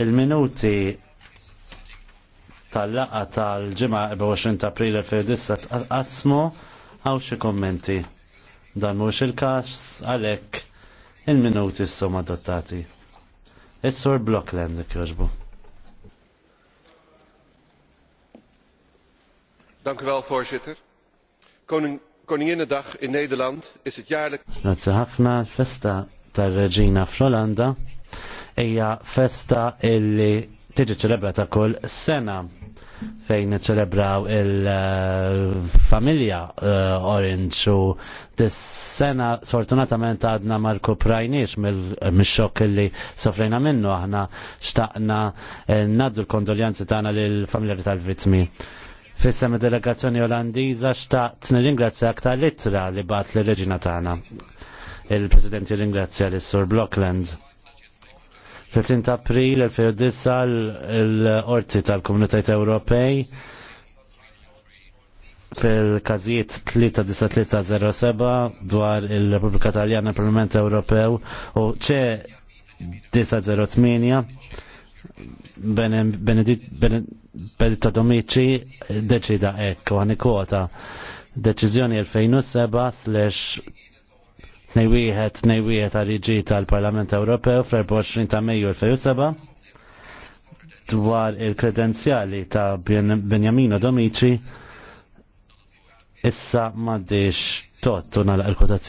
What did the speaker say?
Il-minuti tal-laqa tal-ġimgħa 24 ta' April 2009 tqasmu għaw xi kommenti. Dan mhux il-każ għalhekk il-minuti s-sum adottati. Is-sur Blockland jogħġbu. Dank u wel, voorzitter. Koninginnedag in Nederland is het jaarlijk... Grazie ħafna, festa tar-reġina fl-Olanda hija festa illi tiġi ċelebrata kull sena fejn ċelebraw il-familja uh, Orange u dis-sena sfortunatament għadna marku prajniex mill-xok li sofrejna minnu aħna xtaqna eh, naddu l-kondoljanzi tagħna lill-familja tal-vittmi. Fissem delegazzjoni Olandiża xtaqt nirringrazzjak aktar litra li bat l-reġina tagħna. Il-President ringrazzja l-Sur Blockland 30 April 2009 l-Orti tal-Komunitajt Ewropej fil-kazijiet 39307 dwar il-Repubblika Taljana Parlament Ewropew u ċe 908 Benedetto Domici deċida ekk u għani kota deċizjoni 2007 slash nejwieħed nejwieħed għal-iġi tal-Parlament Ewropew fl-24 ta' Mejju 2007 dwar il-kredenzjali ta' Benjamino Domici issa maddiex tot u nalaq